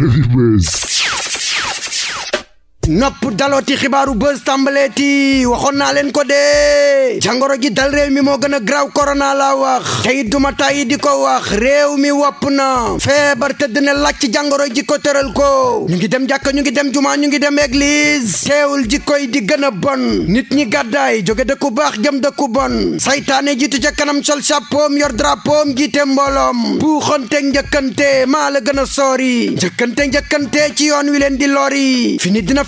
Heavyweight. nopp dalooti xibaaru buzz tàmbaleeti waxoon naa leen ko de jàngoro ji dal réew mi moo gën a graw korona la wax te it duma tàyyi di ko wax réew mi wopp na feebar tëdd ne laaj ci jàngoro ji ko tëral ko ñu ngi dem jàkka ñu ngi dem jumaa ñu ngi dem église teewul ji yi di gën a bon nit ñi gàddaay jóge dëkku baax jëm dëkku bon saytaane jiitu ca kanam sol chapeau yor drapeau jiite mbooloom buuxante njëkkante maa la gën a soori njëkkante njëkkante ci yoon wi leen di lori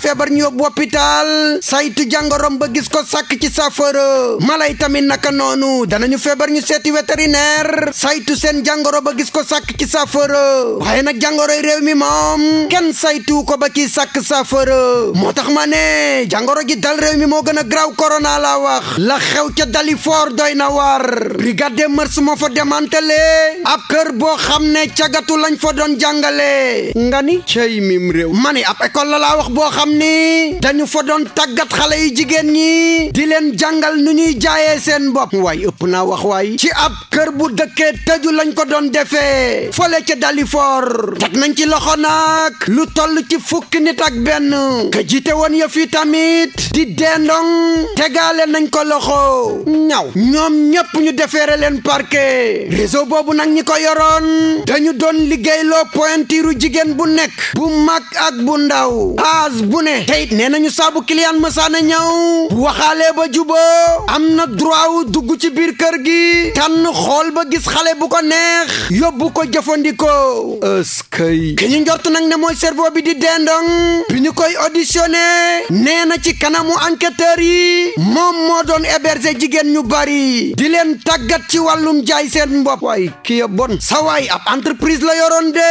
feebar ñu yóbbu hôpital saytu jàngorom ba gis ko sàkk ci saafara mala yi tamit naka noonu danañu feebar ñu seeti vétérinaire saytu seen jàngoro ba gis ko sàkk ci saafara waaye jàngoro jàngoroy réew mi moom kenn saytu ko ba ci sàkk saafara moo tax ma ne jàngoro ji dal réew mi moo gën a graw corona la wax la xew ca Dalifort doy na war brigade des mœurs moo fa ab kër boo xam ne cagatu lañ fa doon jàngale nga ni cey mim réew ma ne ab école la laa wax boo xam ni dañu fa doon tàggat xale yi jigéen ñi di leen jàngal nu ñuy jaayee seen bopp waay ëpp naa wax waay ci ab kër bu dëkkee tëju lañ ko doon defee fole ca Dalifort teg nañ ci loxo nag lu toll ci fukk nit ak benn ka jiite woon yëf yi tamit di dendong tegaale nañ ko loxo ñaw ñoom ñépp ñu defeere leen parquet réseau boobu nag ñi ko yoroon dañu doon liggéeyloo pointiru jigéen bu nekk bu mag ak bu ndaw as bu ne ne te it nee nañu saabu client mësaana ñëw bu waxaalee ba juba am na droit wu dugg ci biir kër gi tànn xool ba gis xale bu ko neex yóbbu ko jëfandikoo ëskay ki ñu njort nag ne mooy cerveau bi di dendong bi ñu koy auditionné nee na ci kanamu enquêteur yi moom moo doon héberger jigéen ñu bari di leen tàggat ci wàllum jaay seen mbopp waay kii ya bon sa waay ab entreprise la yoroon de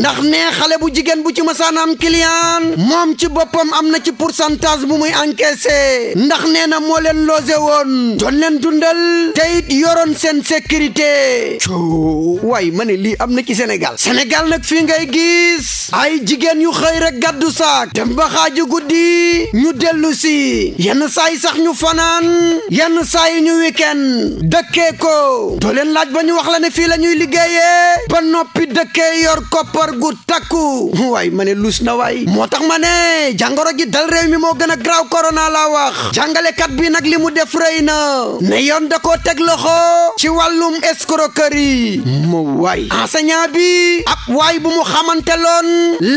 ndax ne xale bu jigéen bu ci mësaana am client moom ci pam am na ci pourcentage bu muy encaissé ndax nee na moo leen logé woon doon leen dundal te it yoroon seen sécurité coow ma ne lii am na ci Sénégal Sénégal nag fii ngay gis ay jigéen yu xëy rek gàddu saak dem ba xaaju guddi ñu dellu si yenn saa sax ñu fanaan yenn saa yi ñu weekend dëkkee ko doo leen laaj ba ñu wax la ne fii la ñuy liggéeyee ba noppi dëkkee yor koppar gu takku waaye ma ne lus na waay moo tax ma ne ne jàngoro ji dal réew mi moo gën a graaw korona laa wax jàngalekat bi nag li mu def rëy na ne yoon da koo teg loxo ci wàllum escroquerie mu waay enseignant bi ab waay bu mu xamante loon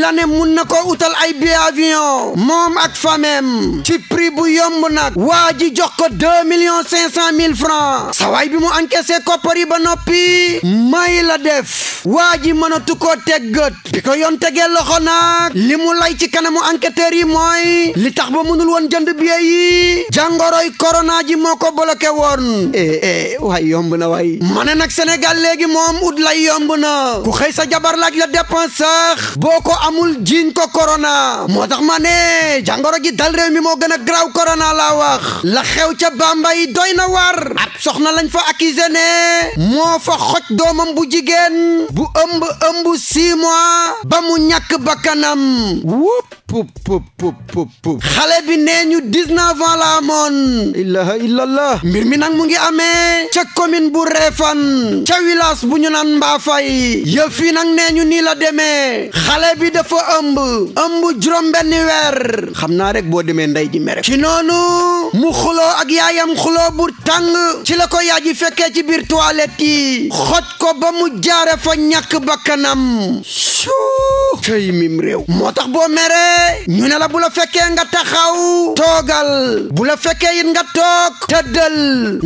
la ne mun na ko utal ay billet avion moom ak famem ci prix bu yomb nag waa ji jox ko million millions cinq cent mille mu encaissé koppar yi ba noppi may la def waa ji mënatu koo teg gët bi ko yoon loxo nag li mu lay ci kanamu enquêteurs yi mooy li tax ba mënul woon jënd billet yi jàngoroy corona ji moo ko bloqué woon eh eh waay yomb na waay ma ne nag Sénégal léegi moom ut lay yomb na ku xëy sa jabar la dépense sax boo ko amul jiiñ ko corona moo tax ma ne jàngoro ji dal réew mi moo gën a graw corona laa wax la xew ca Bambey doy na war ab soxna lañ fa accusé ne moo fa xoj doomam bu jigéen bu ëmb ëmb six mois ba mu ñàkk bakkanam wuup pup pup pup pup pup xale bi nee ñu 19 ans la amoon mbir mi nag mu ngi amee ca commune bu Réfane ca wilaas bu ñu naan Mbaafay yëf nag nee ñu nii la demee xale bi dafa ëmb ëmb juróom benn weer xam naa rek boo demee ndey ji mere ci noonu mu xuloo ak yaayam xuloo bu tàng ci la ko yaay ji fekkee ci biir toilette yi xoj ko ba mu jaare fa ñàkk bakkanam suu tey mim réew moo tax boo mere ñu ne la bula la fekkee nga taxaw toogal bu la fekkee it nga toog tëddal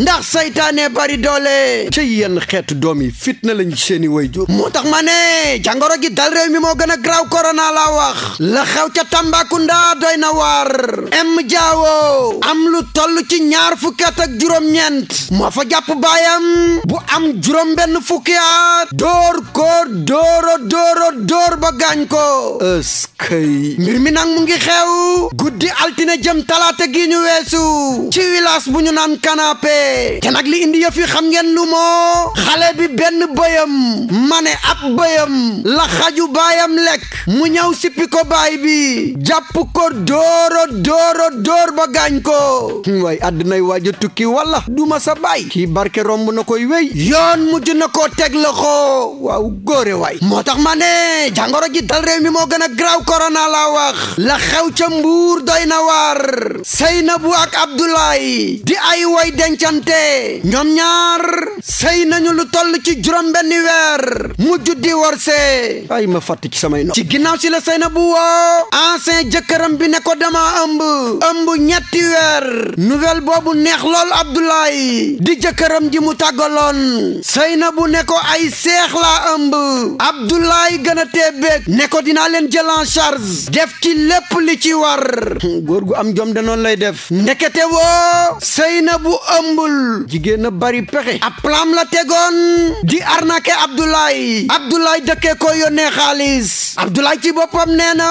ndax saytaane bari doole ci yenn xeetu doom yi fitna lañ seeni waajur moo tax ma ne jàngoro gi dal réew mi moo gën a graw korona la wax la xew ca Tambacounda doy na waar m jaawo am lu toll ci ñaar fukki at ak juróom-ñeent moo fa jàpp baayam bu am juróom-benn fukki at door ko dooro dooro door ba gaañ ko ëskay mi nag mu ngi xew guddi altine jëm talaata gi ñu weesu ci wilaas bu ñu naan canapé te nag li indi yëf yi xam ngeen lu moo xale bi benn bëyam ma ne ab bëyam la xaju baayam lekk mu ñaw sippi ko baay bi jàpp ko dooro dooro door ba gaañ ko waay àddinay waaja tukki walla duma sa baay kii barke romb na koy wéy yoon mujj na ko teg loxo waaw góore waay moo tax ma ne jàngoro ji dal réew mi moo gën a graw korona la wax wax la xew ca mbuur doy na waar Seynabou ak Abdoulaye di ay woy dencante ñoom ñaar sëy nañu lu toll ci juróom benn weer mujj di warsee ay ma fàtt ci samay ci ginnaaw si la Seynabou woo ancien jëkkëram bi nekko ko dama ëmb ëmb ñetti weer nouvelle boobu neex lool Abdoulaye di jëkkëram ji mu tàggaloon na bu nekko ay seex laa ëmb Abdoulaye gën a teebeeg ne ko dinaa leen jël en def ci lépp li ci war góor gu am jom de noonu lay def ndekete woo sëy na bu ëmbul jigéen a bari pexe ab la tegoon di arnaqué Abdoulaye Abdoulaye dëkkee ko yónnee xaalis Abdoulaye ci boppam nee na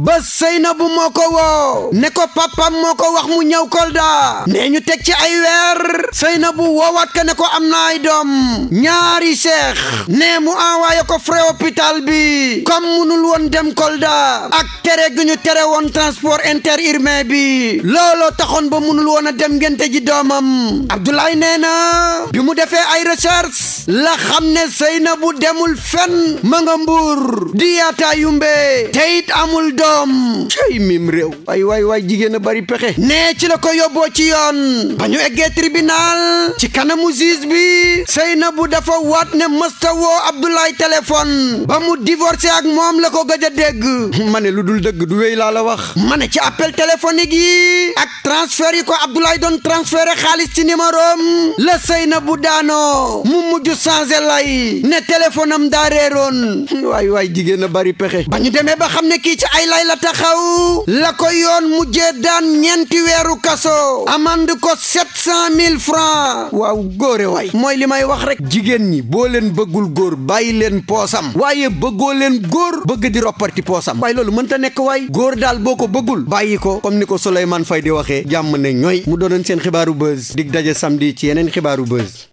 ba sëy na bu moo ko woo ne ko papam moo ko wax mu ñëw Kolda nee ñu teg ci ay weer sëy na bu woowaat ka ne ko am na ay doom ñaari cheikh nee mu envoyé ko frais bi comme munul woon dem Kolda ak tere tere gu ñu tere woon transport interurbain bi looloo taxoon ba munul woon a dem ngénte ji doomam Abdoulaye nee na bi mu defee ay recherche la xam ne Seynabu demul fenn ma nga mbuur di yaataa yumbe te amul doom cey mim réew waay waay waay jigéen bari pexe nee ci la ko yóbboo ci yoon ba ñu eggee tribunal ci kanamu juge bi Seynabu dafa waat ne mësta woo Abdoulaye téléphone ba mu divorcé ak moom la ko gëj ma ne lu dul dëgg du wéy laa la wax ma ne ci appel téléphonique yi ak transfert yi ko Abdoulaye doon transféré xaalis ci numéro am la Seynabu daanoo mu mujj mujj lay ne téléphone am daa réeroon waay waay jigéen a bari pexe ba ñu demee ba xam ne kii ci ay lay la taxaw la ko yoon mujjee daan ñeenti weeru kaso amande ko sept cent mille francs waaw góore waay mooy li may wax rek jigéen ñi boo leen bëggul góor bàyyi leen poosam waaye bëggoo leen góor bëgg di ropparti poosam waaye loolu mënta nekk waay góor daal boo ko bëggul bàyyi ko comme ni ko Souleymane fay di waxee jàmm ne ñooy mu doonoon seen xibaaru buzz dig daje sam samedi ci yeneen xibaaru buzz